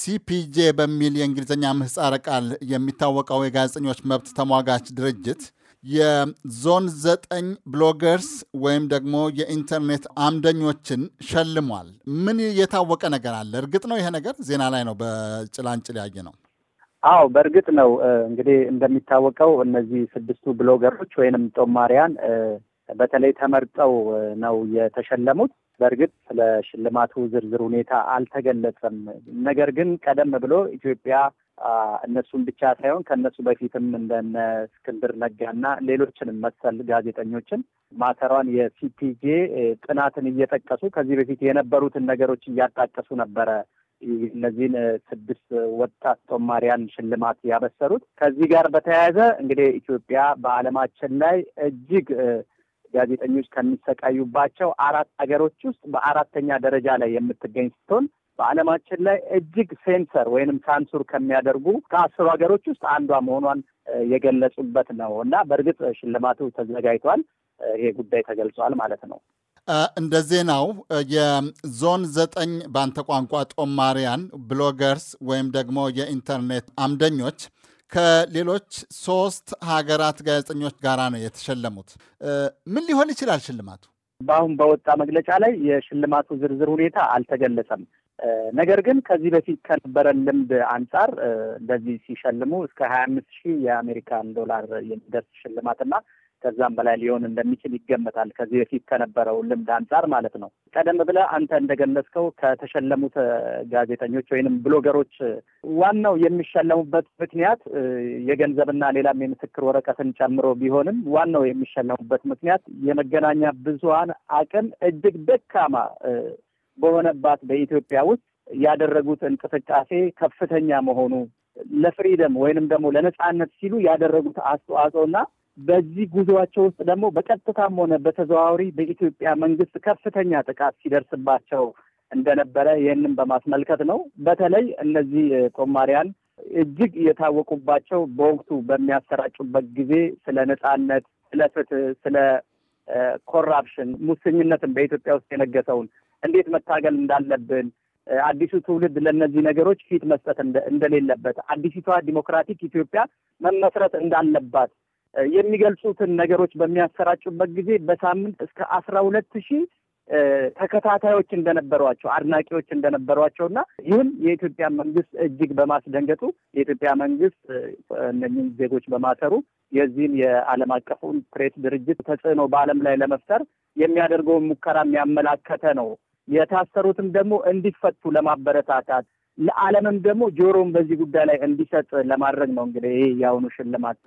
ሲፒጄ በሚል የእንግሊዝኛ ምህፃረ ቃል የሚታወቀው የጋዜጠኞች መብት ተሟጋች ድርጅት የዞን ዘጠኝ ብሎገርስ ወይም ደግሞ የኢንተርኔት አምደኞችን ሸልሟል። ምን የታወቀ ነገር አለ? እርግጥ ነው ይሄ ነገር ዜና ላይ ነው በጭላንጭል ያየ ነው። አዎ በእርግጥ ነው። እንግዲህ እንደሚታወቀው እነዚህ ስድስቱ ብሎገሮች ወይንም ጦማሪያን በተለይ ተመርጠው ነው የተሸለሙት። በእርግጥ ስለ ሽልማቱ ዝርዝር ሁኔታ አልተገለጸም። ነገር ግን ቀደም ብሎ ኢትዮጵያ እነሱን ብቻ ሳይሆን ከእነሱ በፊትም እንደነ እስክንድር ነጋና ሌሎችንም መሰል ጋዜጠኞችን ማተሯን የሲፒጄ ጥናትን እየጠቀሱ ከዚህ በፊት የነበሩትን ነገሮች እያጣቀሱ ነበረ እነዚህን ስድስት ወጣት ጦማሪያን ሽልማት ያበሰሩት። ከዚህ ጋር በተያያዘ እንግዲህ ኢትዮጵያ በዓለማችን ላይ እጅግ ጋዜጠኞች ከሚሰቃዩባቸው አራት ሀገሮች ውስጥ በአራተኛ ደረጃ ላይ የምትገኝ ስትሆን በዓለማችን ላይ እጅግ ሴንሰር ወይንም ሳንሱር ከሚያደርጉ ከአስሩ ሀገሮች ውስጥ አንዷ መሆኗን የገለጹበት ነው እና በእርግጥ ሽልማቱ ተዘጋጅቷል። ይሄ ጉዳይ ተገልጿል ማለት ነው። እንደ ዜናው የዞን ዘጠኝ በአንተ ቋንቋ ጦማሪያን ብሎገርስ ወይም ደግሞ የኢንተርኔት አምደኞች ከሌሎች ሶስት ሀገራት ጋዜጠኞች ጋራ ነው የተሸለሙት። ምን ሊሆን ይችላል ሽልማቱ? በአሁን በወጣ መግለጫ ላይ የሽልማቱ ዝርዝር ሁኔታ አልተገለጸም። ነገር ግን ከዚህ በፊት ከነበረን ልምድ አንጻር እንደዚህ ሲሸልሙ እስከ ሀያ አምስት ሺህ የአሜሪካን ዶላር የሚደርስ ሽልማትና ከዛም በላይ ሊሆን እንደሚችል ይገመታል። ከዚህ በፊት ከነበረው ልምድ አንጻር ማለት ነው። ቀደም ብለህ አንተ እንደገለጽከው ከተሸለሙት ጋዜጠኞች ወይንም ብሎገሮች ዋናው የሚሸለሙበት ምክንያት የገንዘብና ሌላም የምስክር ወረቀትን ጨምሮ ቢሆንም ዋናው የሚሸለሙበት ምክንያት የመገናኛ ብዙሃን አቅም እጅግ ደካማ በሆነባት በኢትዮጵያ ውስጥ ያደረጉት እንቅስቃሴ ከፍተኛ መሆኑ ለፍሪደም ወይንም ደግሞ ለነጻነት ሲሉ ያደረጉት አስተዋጽኦና በዚህ ጉዞአቸው ውስጥ ደግሞ በቀጥታም ሆነ በተዘዋዋሪ በኢትዮጵያ መንግስት ከፍተኛ ጥቃት ሲደርስባቸው እንደነበረ ይህንም በማስመልከት ነው። በተለይ እነዚህ ጦማሪያን እጅግ የታወቁባቸው በወቅቱ በሚያሰራጩበት ጊዜ ስለ ነጻነት፣ ስለ ፍትህ፣ ስለ ኮራፕሽን፣ ሙስኝነትን በኢትዮጵያ ውስጥ የነገሰውን እንዴት መታገል እንዳለብን አዲሱ ትውልድ ለእነዚህ ነገሮች ፊት መስጠት እንደሌለበት፣ አዲሲቷ ዲሞክራቲክ ኢትዮጵያ መመስረት እንዳለባት የሚገልጹትን ነገሮች በሚያሰራጩበት ጊዜ በሳምንት እስከ አስራ ሁለት ሺህ ተከታታዮች እንደነበሯቸው አድናቂዎች እንደነበሯቸው እና ይህም የኢትዮጵያ መንግስት እጅግ በማስደንገጡ የኢትዮጵያ መንግስት እነኝህን ዜጎች በማሰሩ የዚህም የዓለም አቀፉን ፕሬስ ድርጅት ተጽዕኖ በዓለም ላይ ለመፍጠር የሚያደርገውን ሙከራ የሚያመላከተ ነው። የታሰሩትም ደግሞ እንዲፈቱ ለማበረታታት ለዓለምም ደግሞ ጆሮም በዚህ ጉዳይ ላይ እንዲሰጥ ለማድረግ ነው እንግዲህ ይህ የአሁኑ ሽልማት